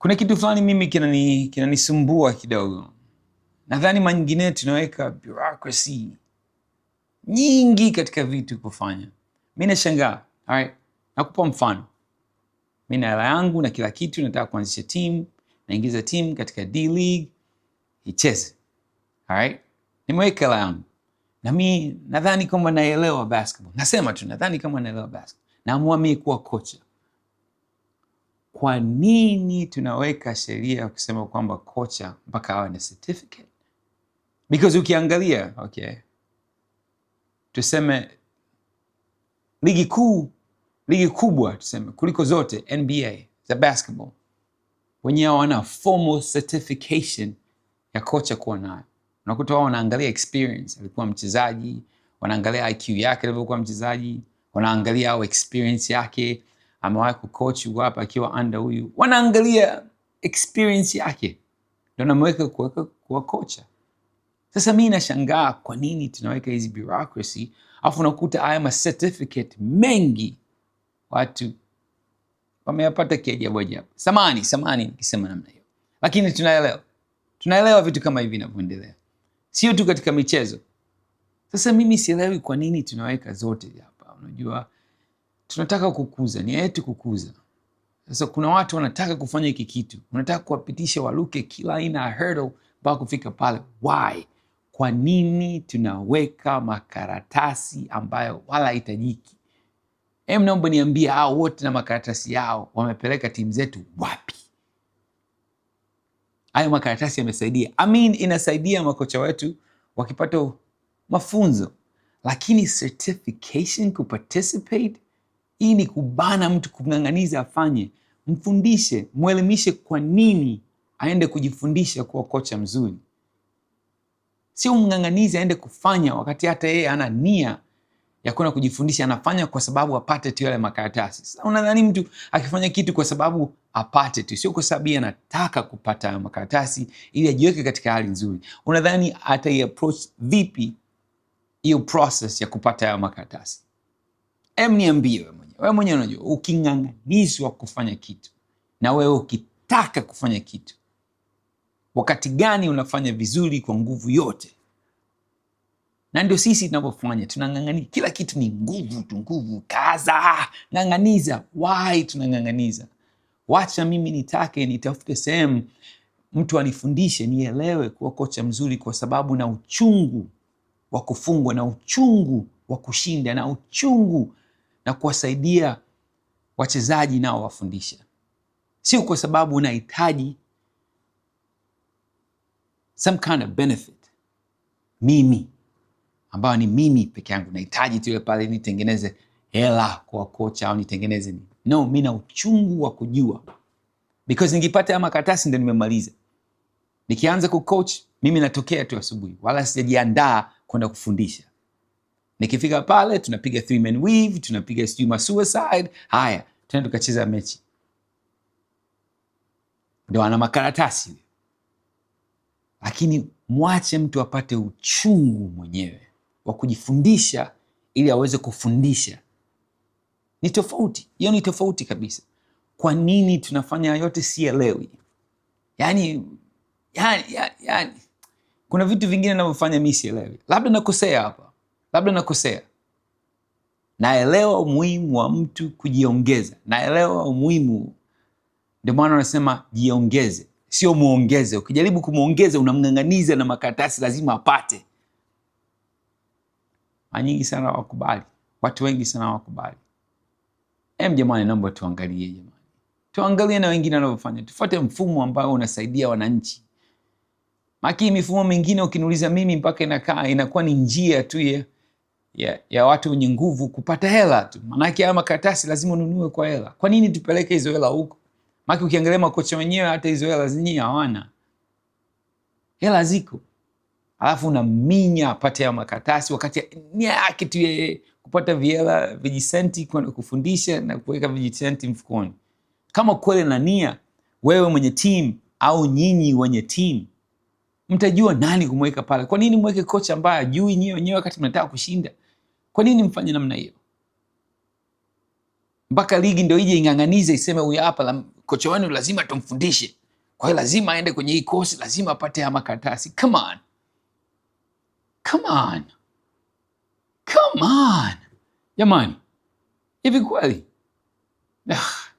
kuna kitu fulani mimi kinanisumbua kina kidogo. Nadhani manyingine tunaweka bureaucracy nyingi katika vitu kufanya. Mi nashangaa. nakupa mfano, mi na hela yangu na kila kitu, nataka kuanzisha tim naingiza tim katika D League icheze. nimeweka hela yangu na mi nadhani kwamba naelewa basketball, nasema tu nadhani kama naelewa basketball, naamua mi kuwa kocha kwa nini tunaweka sheria ya kusema kwamba kocha mpaka awe na certificate? Because ukiangalia okay, tuseme ligi kuu, ligi kubwa tuseme kuliko zote NBA za basketball, wenyewe wana formal certification ya kocha kuwa nayo. Unakuta wao wanaangalia experience, alikuwa mchezaji, wanaangalia IQ yake alivyokuwa mchezaji, wanaangalia au experience yake amewahi kucoach hapa akiwa under huyu, wanaangalia experience yake ndio namweka kuwa kocha. Sasa mi nashangaa kwa nini tunaweka hizi bureaucracy, alafu unakuta haya ma certificate mengi watu wameyapata kiajabu ajabu. Samani, samani nikisema namna hiyo, lakini tunaelewa, tunaelewa vitu kama hivi vinavyoendelea, sio tu katika michezo. Sasa mimi sielewi kwa nini tunaweka zote hapa, unajua tunataka kukuza, nia yetu kukuza. Sasa kuna watu wanataka kufanya hiki kitu, wanataka kuwapitisha waluke kila aina ya hurdle mpaka kufika pale. Why? Kwa nini tunaweka makaratasi ambayo wala haitajiki? Em, naomba niambie, hao wote na makaratasi yao wamepeleka timu zetu wapi? Hayo makaratasi yamesaidia, I mean, inasaidia makocha wetu wakipata mafunzo, lakini certification kuparticipate hii ni kubana mtu, kumng'ang'aniza afanye. Mfundishe, mwelimishe kwa nini aende kujifundisha kuwa kocha mzuri, sio mng'ang'anizi aende kufanya wakati hata yeye ana nia ya kwenda kujifundisha. Anafanya kwa sababu apate tu yale makaratasi. unadhani mtu akifanya kitu kwa sababu apate tu, sio kwa sababu anataka kupata hayo makaratasi ili ajiweke katika hali nzuri, unadhani ataiapproach vipi hiyo process ya kupata hayo makaratasi? Em, niambie wewe mwenyewe unajua, uking'ang'anizwa kufanya kitu na wewe ukitaka kufanya kitu, wakati gani unafanya vizuri kwa nguvu yote? Na ndio sisi tunavyofanya, tunang'ang'ania kila kitu, ni nguvu tu, nguvu, kaza, ng'ang'aniza. Wai, tunang'ang'aniza. Wacha mimi nitake, nitafute sehemu mtu anifundishe, nielewe kuwa kocha mzuri, kwa sababu na uchungu wa kufungwa na uchungu wa kushinda na uchungu na kuwasaidia wachezaji nao wafundisha, sio kwa sababu unahitaji some kind of benefit. Mimi ambayo ni mimi peke yangu nahitaji tuwe pale nitengeneze hela kwa kocha au nitengeneze nini? No, mi na uchungu wa kujua because nikipata ama karatasi ndo nimemaliza. Nikianza kucoach mimi natokea tu asubuhi, wala sijajiandaa kwenda kufundisha. Nikifika pale tunapiga three weave, tunapiga sijui ma suicide. Haya, tena tukacheza mechi, ndio ana makaratasi. Lakini mwache mtu apate uchungu mwenyewe wa kujifundisha ili aweze kufundisha. Ni tofauti hiyo, ni tofauti kabisa. Kwa nini tunafanya yote? Sielewi yani, yani, yani, yani. Yaani, kuna vitu vingine navyofanya mi sielewi, labda nakosea hapa labda nakosea. Naelewa umuhimu wa mtu kujiongeza, naelewa umuhimu. Ndio maana wanasema jiongeze, sio muongeze. Ukijaribu kumwongeza, unamng'ang'aniza na makaratasi, lazima apate. Manyingi nyingi sana wakubali watu wengi sana wakubali. Em, jamani, naomba tuangalie, jamani, tuangalie na wengine wanavyofanya, tufuate mfumo ambao unasaidia wananchi. makii. mifumo mingine ukiniuliza mimi, mpaka inakaa inakuwa ni njia tu ya ya, ya watu wenye nguvu kupata hela tu. Maanake haya makaratasi lazima ununue kwa hela. Kwa nini tupeleke hizo hela huko? Maana ukiangalia makocha wenyewe hata hizo hela zenyewe hawana, hela ziko, alafu unaminya apate haya makaratasi, wakati nia yake tu yeye kupata vihela vijisenti kwenda kufundisha na kuweka vijisenti mfukoni. Kama kweli na nia, wewe mwenye timu au nyinyi wenye timu mtajua nani kumweka pale. Kwa nini mweke kocha ambaye ajui nyewe wenyewe wakati mnataka kushinda? Kwa nini mfanye namna hiyo? Mpaka ligi ndio ije ing'ang'anize iseme huyu hapa kocha wenu lazima tumfundishe, kwa hiyo lazima aende kwenye hii kosi, lazima apate haya makaratasi. Come on. Come on. Come on. Jamani, hivi kweli? Ah.